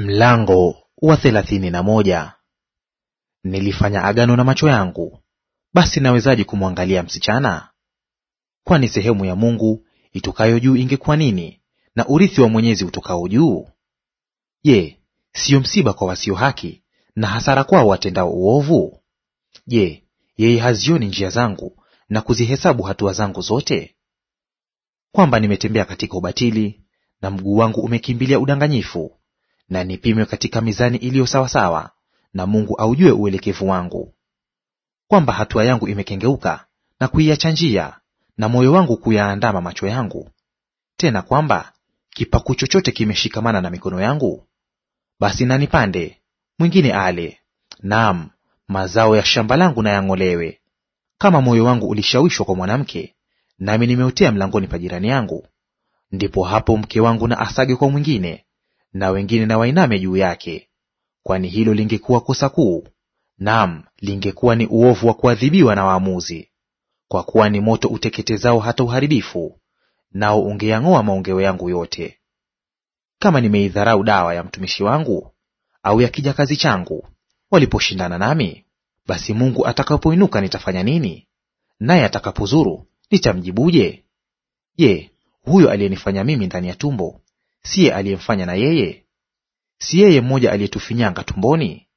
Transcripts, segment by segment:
Mlango wa thelathini na moja. Nilifanya agano na macho yangu, basi nawezaje kumwangalia msichana? Kwani sehemu ya Mungu itokayo juu ingekuwa nini, na urithi wa Mwenyezi utokao juu? Je, siyo msiba kwa wasio haki na hasara kwao watendao uovu? Je, yeye hazioni njia zangu na kuzihesabu hatua zangu zote? Kwamba nimetembea katika ubatili na mguu wangu umekimbilia udanganyifu na nipimwe katika mizani iliyo sawasawa, na Mungu aujue uelekevu wangu, kwamba hatua yangu imekengeuka na kuiacha njia, na moyo wangu kuyaandama macho yangu; tena kwamba kipaku chochote kimeshikamana na mikono yangu, basi na nipande, mwingine ale; naam, mazao ya shamba langu na yang'olewe. Kama moyo wangu ulishawishwa kwa mwanamke, nami nimeotea mlangoni pa jirani yangu, ndipo hapo mke wangu na asage kwa mwingine, na wengine na wainame juu yake, kwani hilo lingekuwa kosa kuu, naam, lingekuwa ni uovu wa kuadhibiwa na waamuzi. Kwa kuwa ni moto uteketezao hata uharibifu, nao ungeyang'oa maongeo yangu yote. Kama nimeidharau dawa ya mtumishi wangu au ya kijakazi changu waliposhindana nami, basi Mungu atakapoinuka nitafanya nini? Naye atakapozuru nitamjibuje? Je, huyo aliyenifanya mimi ndani ya tumbo siye aliyemfanya na yeye? Si yeye mmoja aliyetufinyanga tumboni?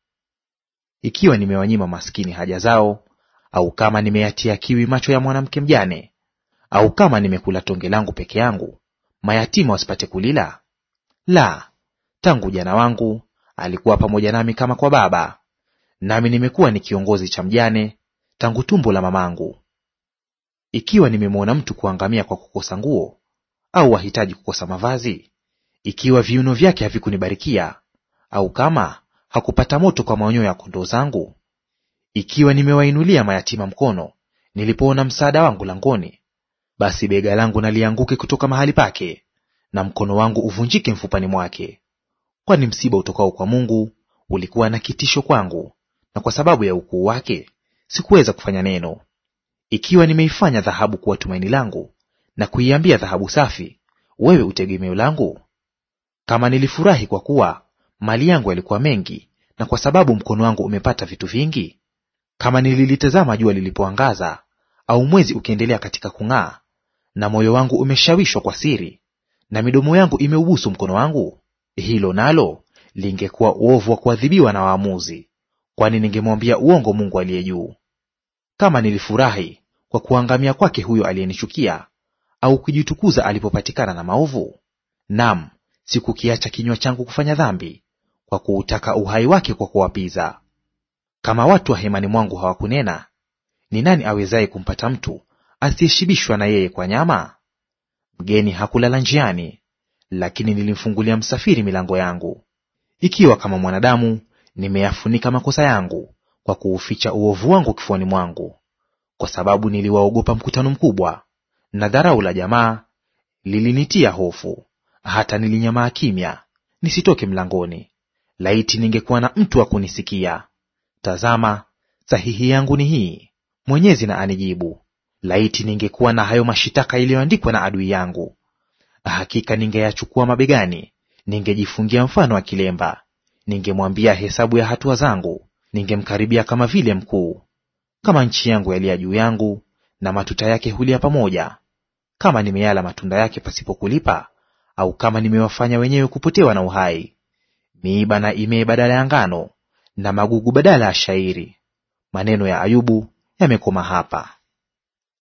Ikiwa nimewanyima maskini haja zao, au kama nimeyatia kiwi macho ya mwanamke mjane, au kama nimekula tonge langu peke yangu, mayatima wasipate kulila, la, tangu ujana wangu alikuwa pamoja nami kama kwa baba, nami nimekuwa ni kiongozi cha mjane tangu tumbo la mamangu. Ikiwa nimemwona mtu kuangamia kwa kukosa nguo, au wahitaji kukosa mavazi, ikiwa viuno vyake havikunibarikia, au kama hakupata moto kwa maonyo ya kondoo zangu, ikiwa nimewainulia mayatima mkono nilipoona msaada wangu langoni, basi bega langu nalianguke kutoka mahali pake, na mkono wangu uvunjike mfupani mwake. Kwani msiba utokao kwa Mungu ulikuwa na kitisho kwangu, na kwa sababu ya ukuu wake sikuweza kufanya neno. Ikiwa nimeifanya dhahabu kuwa tumaini langu, na kuiambia dhahabu safi, wewe utegemeo langu, kama nilifurahi kwa kuwa mali yangu yalikuwa mengi, na kwa sababu mkono wangu umepata vitu vingi, kama nililitazama jua lilipoangaza, au mwezi ukiendelea katika kung'aa, na moyo wangu umeshawishwa kwa siri, na midomo yangu imeubusu mkono wangu, hilo nalo lingekuwa uovu wa kuadhibiwa na waamuzi, kwani ningemwambia uongo Mungu aliye juu. Kama nilifurahi kwa kuangamia kwake huyo aliyenichukia, au kujitukuza alipopatikana na maovu, nam sikukiacha kinywa changu kufanya dhambi, kwa kuutaka uhai wake kwa kuwapiza. Kama watu wa hemani mwangu hawakunena, ni nani awezaye kumpata mtu asiyeshibishwa na yeye kwa nyama? Mgeni hakulala njiani, lakini nilimfungulia msafiri milango yangu. Ikiwa kama mwanadamu nimeyafunika makosa yangu kwa kuuficha uovu wangu kifuani mwangu, kwa sababu niliwaogopa mkutano mkubwa, na dharau la jamaa lilinitia hofu hata nilinyamaa kimya, nisitoke mlangoni; laiti ningekuwa na mtu wa kunisikia. Tazama, sahihi yangu ni hii, Mwenyezi na anijibu. Laiti ningekuwa na hayo mashitaka yaliyoandikwa na adui yangu! Hakika ningeyachukua mabegani, ningejifungia mfano wa kilemba, ningemwambia hesabu ya hatua zangu, ningemkaribia kama vile mkuu. Kama nchi yangu yaliya juu yangu, na matuta yake hulia pamoja, kama nimeyala matunda yake pasipokulipa, au kama nimewafanya wenyewe kupotewa na uhai, miiba na imee badala ya ngano, na magugu badala ya shairi. Maneno ya Ayubu yamekoma hapa.